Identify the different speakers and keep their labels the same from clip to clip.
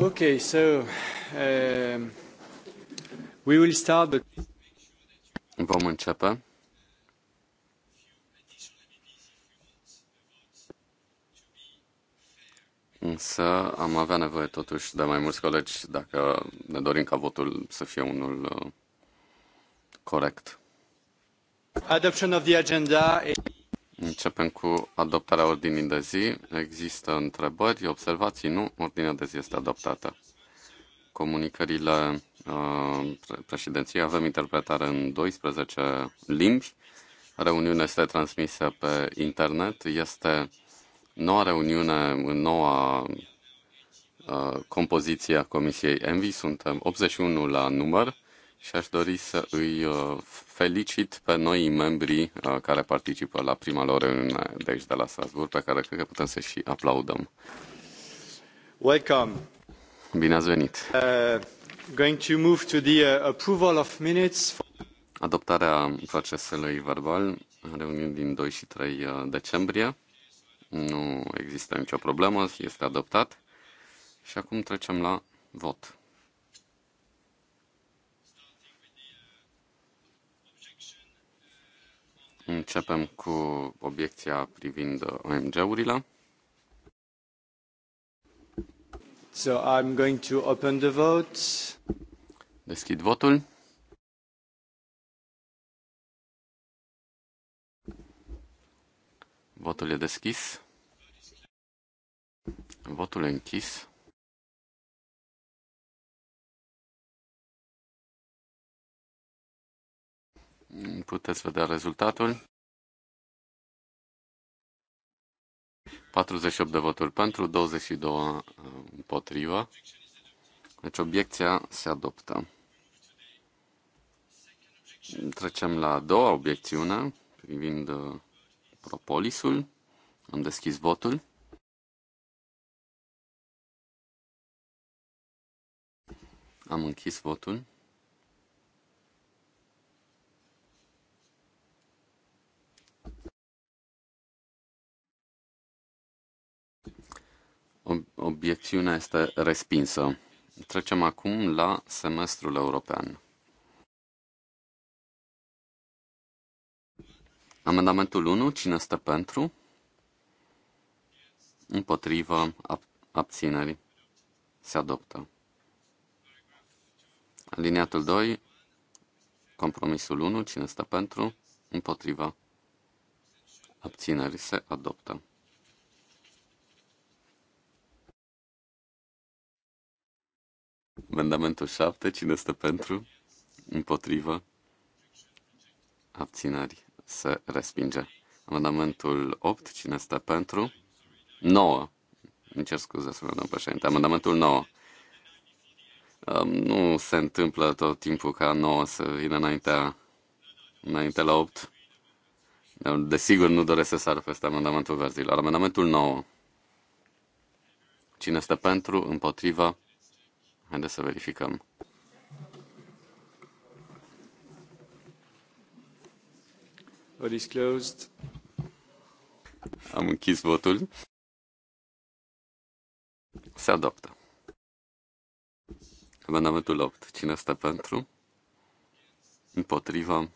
Speaker 1: Okay, so um, we will start, but... Vom începe. Însă am avea nevoie totuși de mai mulți colegi dacă ne dorim ca votul să fie unul uh, corect. Adoption of the agenda. Începem cu adoptarea ordinii de zi. Există întrebări, observații? Nu, ordinea de zi este adoptată. Comunicările uh, președinției avem interpretare în 12 limbi. Reuniunea este transmisă pe internet. Este noua reuniune în noua uh, compoziție a Comisiei Envi. Suntem 81 la număr și aș dori să îi uh, felicit pe noi membrii uh, care participă la prima lor reuniune uh, de aici, de la Strasburg, pe care cred că putem să și aplaudăm. Welcome. Bine ați venit. Uh, going to move to the uh, approval of minutes. For... Adoptarea procesului verbal a din 2 și 3 decembrie. Nu există nicio problemă, este adoptat. Și acum trecem la vot. Începem cu obiecția privind uh, OMG-urile. So I'm going to open the vote. Deschid votul. Votul e deschis. Votul e închis. Puteți vedea rezultatul. 48 de voturi pentru, 22 uh, împotriva. Deci obiecția se adoptă. Trecem la a doua obiecțiune privind uh, propolisul. Am deschis votul. Am închis votul. obiecțiunea este respinsă. Trecem acum la semestrul european. Amendamentul 1. Cine stă pentru? Împotrivă ab- abținerii. Se adoptă. Aliniatul 2. Compromisul 1. Cine stă pentru? Împotrivă Abținerii se adoptă. Mandamentul 7. Cine stă pentru? Împotrivă? Abținări. Se respinge. Amendamentul 8. Cine stă pentru? 9. Îmi cer scuze, spune domnul președinte. Amendamentul 9. Um, nu se întâmplă tot timpul ca 9 să vină înaintea, înainte la 8. Desigur, nu doresc să sară peste amendamentul verzilor. Amendamentul 9. Cine stă pentru, împotriva, Haideți să verificăm. Vote is closed. Am închis votul. Se adoptă. Amendamentul 8. Cine stă pentru? Împotriva.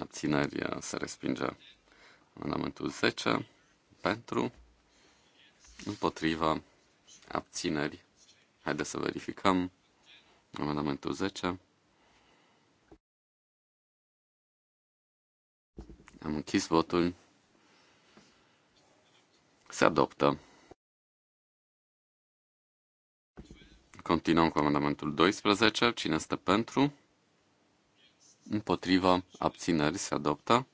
Speaker 1: Abținerea se respinge. Amendamentul 10. Pentru. Împotriva. Abțineri Haideți să verificăm. Amendamentul 10. Am închis votul. Se adoptă. Continuăm cu amendamentul 12. Cine este pentru? Împotriva abțineri se adoptă.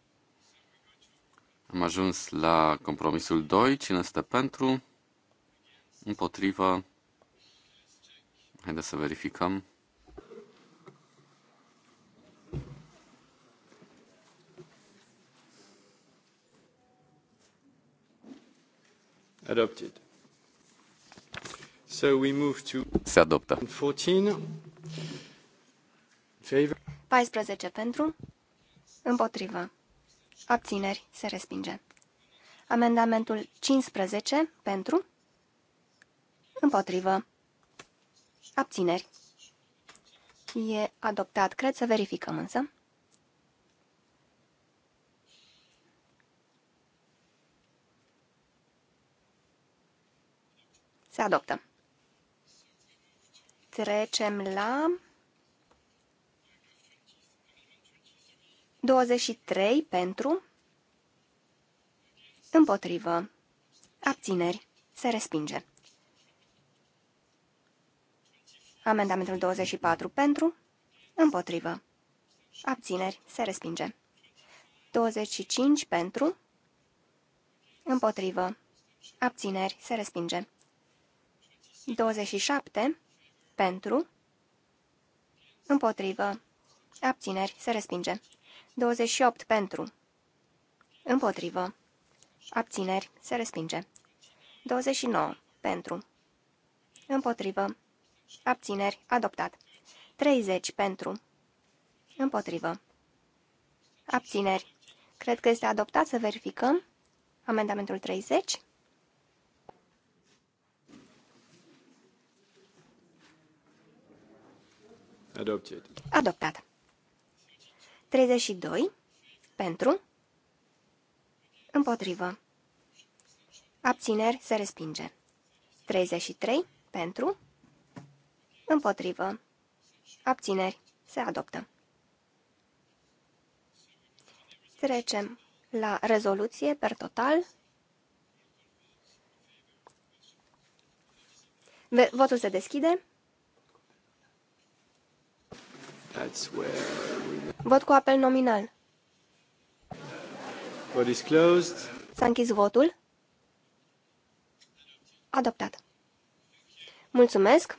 Speaker 1: Am ajuns la compromisul 2. Cine este pentru? Împotriva Haideți să verificăm. Adopted. So we move to Se adoptă. 14.
Speaker 2: 14 pentru, împotrivă, abțineri, se respinge. Amendamentul 15 pentru, împotrivă, Abțineri. E adoptat, cred, să verificăm însă. Se adoptă. Trecem la 23 pentru, împotrivă, abțineri, se respinge. Amendamentul 24 pentru, împotrivă. Abțineri, se respinge. 25 pentru, împotrivă. Abțineri, se respinge. 27 pentru, împotrivă. Abțineri, se respinge. 28 pentru, împotrivă. Abțineri, se respinge. 29 pentru, împotrivă abțineri, adoptat. 30 pentru, împotrivă, abțineri. Cred că este adoptat să verificăm amendamentul 30. Adopted. Adoptat. 32 pentru, împotrivă, abțineri, se respinge. 33 pentru, Împotrivă. Abțineri. Se adoptă. Trecem la rezoluție per total. Votul se deschide. Vot cu apel nominal. S-a închis votul. Adoptat. Mulțumesc!